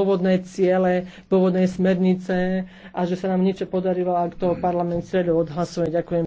pôvodné ciele, pôvodné smernice a že sa nám niečo podarilo, ak to parlament cieľov odhlasuje. Ďakujem.